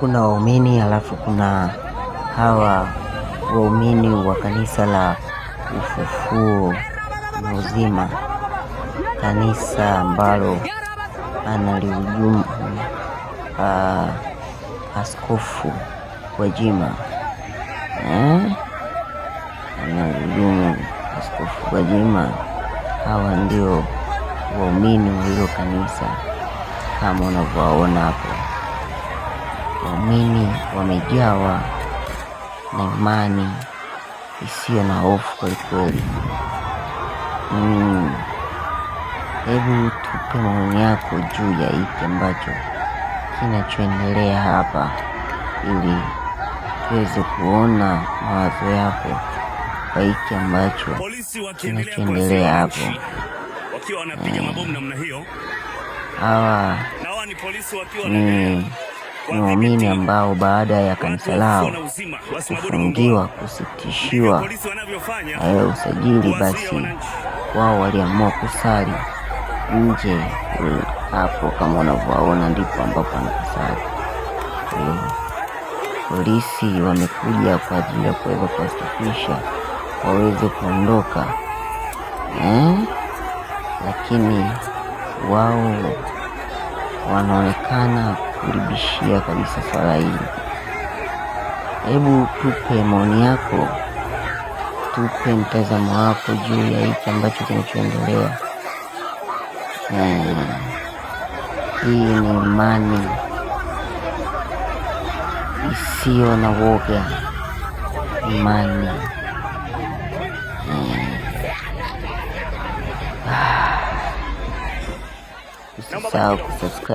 kuna waumini alafu kuna hawa waumini wa kanisa la ufufuo na uzima, kanisa ambalo analihujumu uh, askofu Gwajima eh? analihujumu askofu Gwajima. Hawa ndio waumini wa hilo kanisa kama unavyowaona hapo. Waumini wamejawa na imani isiyo na hofu kwelikweli. Mm, hebu tupe maoni yako juu ya hiki ambacho kinachoendelea hapa, ili tuweze kuona mawazo yako kwa hiki ambacho kinachoendelea hapo. Wakiwa wanapiga mm. mabomu namna hiyo, hawa ni polisi wakiwa ni waumini ambao baada ya kanisa lao kufungiwa, kusitishiwa ayo usajili, basi wao waliamua kusali nje hapo, kama unavyoona, ndipo ambapo anakusali Polisi wamekuja kwa ajili ya kuweza kuwasafisha waweze kuondoka eh? lakini wao wanaonekana kuribishia kabisa swala hili. Hebu tupe maoni yako, tupe mtazamo wako juu ya hiki ambacho kinachoendelea. Eh, hii ni imani isiyo na woga, imani eh. ah. usisahau kusubscribe.